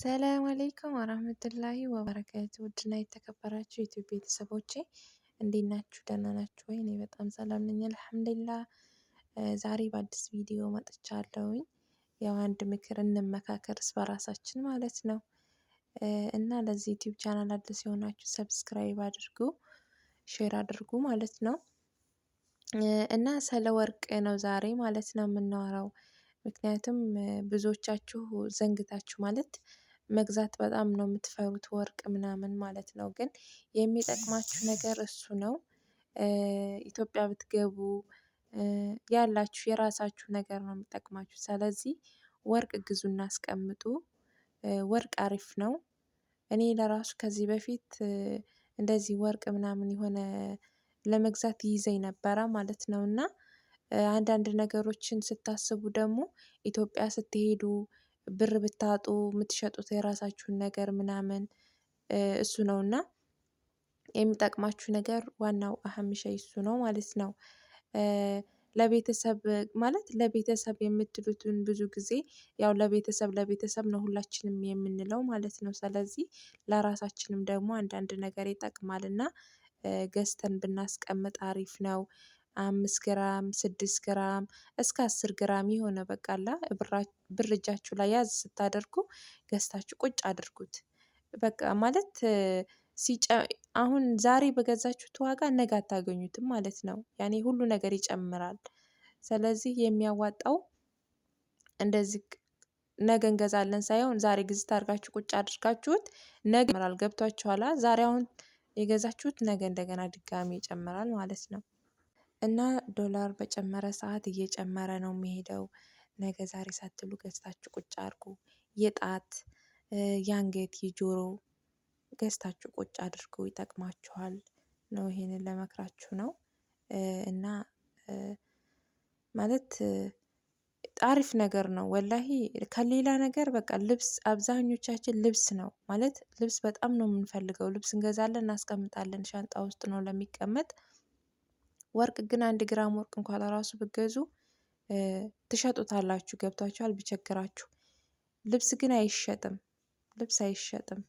ሰላም አለይኩም ወራህመቱላሂ ወበረካቱ ውድና የተከበራችሁ የኢትዮጵያ ቤተሰቦቼ እንዴት ናችሁ? ደህና ናችሁ ወይ? እኔ በጣም ሰላም ነኝ አልሐምዱሊላህ። ዛሬ በአዲስ ቪዲዮ መጥቻለሁኝ። ያው አንድ ምክር እንመካከር እርስ በራሳችን ማለት ነው። እና ለዚህ ዩቲዩብ ቻናል አዲስ የሆናችሁ ሰብስክራይብ አድርጉ፣ ሼር አድርጉ ማለት ነው። እና ስለ ወርቅ ነው ዛሬ ማለት ነው የምናወራው። ምክንያቱም ብዙዎቻችሁ ዘንግታችሁ ማለት መግዛት በጣም ነው የምትፈሩት ወርቅ ምናምን ማለት ነው። ግን የሚጠቅማችሁ ነገር እሱ ነው። ኢትዮጵያ ብትገቡ ያላችሁ የራሳችሁ ነገር ነው የሚጠቅማችሁ ስለዚህ ወርቅ ግዙ፣ አስቀምጡ። ወርቅ አሪፍ ነው። እኔ ለራሱ ከዚህ በፊት እንደዚህ ወርቅ ምናምን የሆነ ለመግዛት ይይዘኝ ነበረ ማለት ነው። እና አንዳንድ ነገሮችን ስታስቡ ደግሞ ኢትዮጵያ ስትሄዱ ብር ብታጡ የምትሸጡት የራሳችሁን ነገር ምናምን እሱ ነው እና የሚጠቅማችሁ ነገር ዋናው አህምሻ እሱ ነው ማለት ነው። ለቤተሰብ ማለት ለቤተሰብ የምትሉትን ብዙ ጊዜ ያው ለቤተሰብ ለቤተሰብ ነው ሁላችንም የምንለው ማለት ነው። ስለዚህ ለራሳችንም ደግሞ አንዳንድ ነገር ይጠቅማል እና ገዝተን ብናስቀምጥ አሪፍ ነው። አምስት ግራም ስድስት ግራም እስከ አስር ግራም የሆነ በቃላ ብር እጃችሁ ላይ ያዝ ስታደርጉ ገዝታችሁ ቁጭ አድርጉት። በቃ ማለት አሁን ዛሬ በገዛችሁት ዋጋ ነገ አታገኙትም ማለት ነው። ያኔ ሁሉ ነገር ይጨምራል። ስለዚህ የሚያዋጣው እንደዚህ ነገ እንገዛለን ሳይሆን ዛሬ ግዝት አድርጋችሁ ቁጭ አድርጋችሁት ነገ ይጨምራል። ገብቷችኋላ? ዛሬ አሁን የገዛችሁት ነገ እንደገና ድጋሚ ይጨምራል ማለት ነው እና ዶላር በጨመረ ሰዓት እየጨመረ ነው የሚሄደው። ነገ ዛሬ ሳትሉ ገዝታችሁ ቁጭ አድርጉ። የጣት የአንገት የጆሮ ገዝታችሁ ቁጭ አድርጉ ይጠቅማችኋል ነው ይሄንን ለመክራችሁ ነው። እና ማለት አሪፍ ነገር ነው ወላሂ ከሌላ ነገር በቃ ልብስ አብዛኞቻችን ልብስ ነው ማለት ልብስ በጣም ነው የምንፈልገው ልብስ እንገዛለን እናስቀምጣለን ሻንጣ ውስጥ ነው ለሚቀመጥ ወርቅ ግን አንድ ግራም ወርቅ እንኳን ለራሱ ብገዙ ትሸጡታላችሁ። ገብቷችኋል? ቢቸግራችሁ። ልብስ ግን አይሸጥም፣ ልብስ አይሸጥም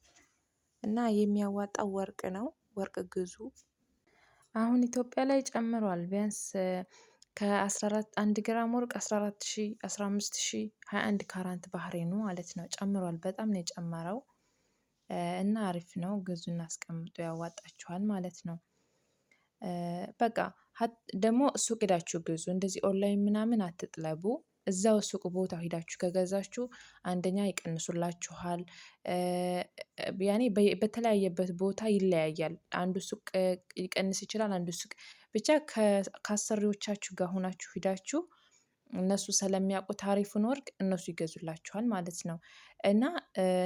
እና የሚያዋጣው ወርቅ ነው። ወርቅ ግዙ። አሁን ኢትዮጵያ ላይ ጨምሯል። ቢያንስ ከ 1 ግራም ወርቅ 14 ሺህ 15 ሺህ 21 ካራንት ባህሬኑ ማለት ነው ጨምሯል። በጣም ነው የጨመረው እና አሪፍ ነው። ግዙ እናስቀምጡ፣ ያዋጣችኋል ማለት ነው። በቃ ደግሞ ሱቅ ሄዳችሁ ግዙ። እንደዚህ ኦንላይን ምናምን አትጥለቡ እዛው ሱቅ ቦታ ሄዳችሁ ከገዛችሁ አንደኛ ይቀንሱላችኋል። ያኔ በተለያየበት ቦታ ይለያያል አንዱ ሱቅ ሊቀንስ ይችላል አንዱ ሱቅ ብቻ ከአሰሪዎቻችሁ ጋር ሆናችሁ ሂዳችሁ እነሱ ስለሚያውቁ ታሪፉን ወርቅ እነሱ ይገዙላችኋል ማለት ነው። እና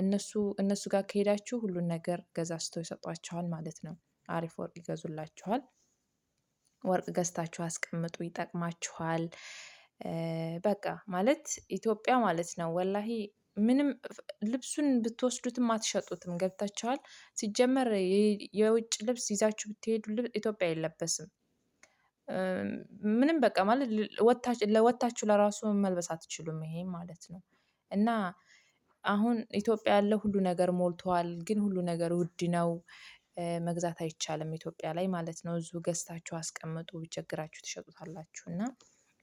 እነሱ እነሱ ጋር ከሄዳችሁ ሁሉን ነገር ገዛዝተው ይሰጧችኋል ማለት ነው። አሪፍ ወርቅ ይገዙላችኋል ወርቅ ገዝታችሁ አስቀምጡ፣ ይጠቅማችኋል። በቃ ማለት ኢትዮጵያ ማለት ነው ወላሂ ምንም ልብሱን ብትወስዱትም አትሸጡትም። ገብታችኋል። ሲጀመር የውጭ ልብስ ይዛችሁ ብትሄዱ ኢትዮጵያ አይለበስም። ምንም በቃ ማለት ለወታችሁ ለራሱ መልበስ አትችሉም። ይሄ ማለት ነው እና አሁን ኢትዮጵያ ያለው ሁሉ ነገር ሞልቷል፣ ግን ሁሉ ነገር ውድ ነው። መግዛት አይቻልም ኢትዮጵያ ላይ ማለት ነው። እዙ ገዝታችሁ አስቀምጡ፣ ቢቸግራችሁ ትሸጡታላችሁ እና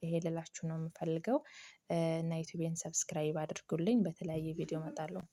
ይሄ ልላችሁ ነው የምፈልገው እና ዩቱቤን ሰብስክራይብ አድርጉልኝ። በተለያየ ቪዲዮ እመጣለሁ።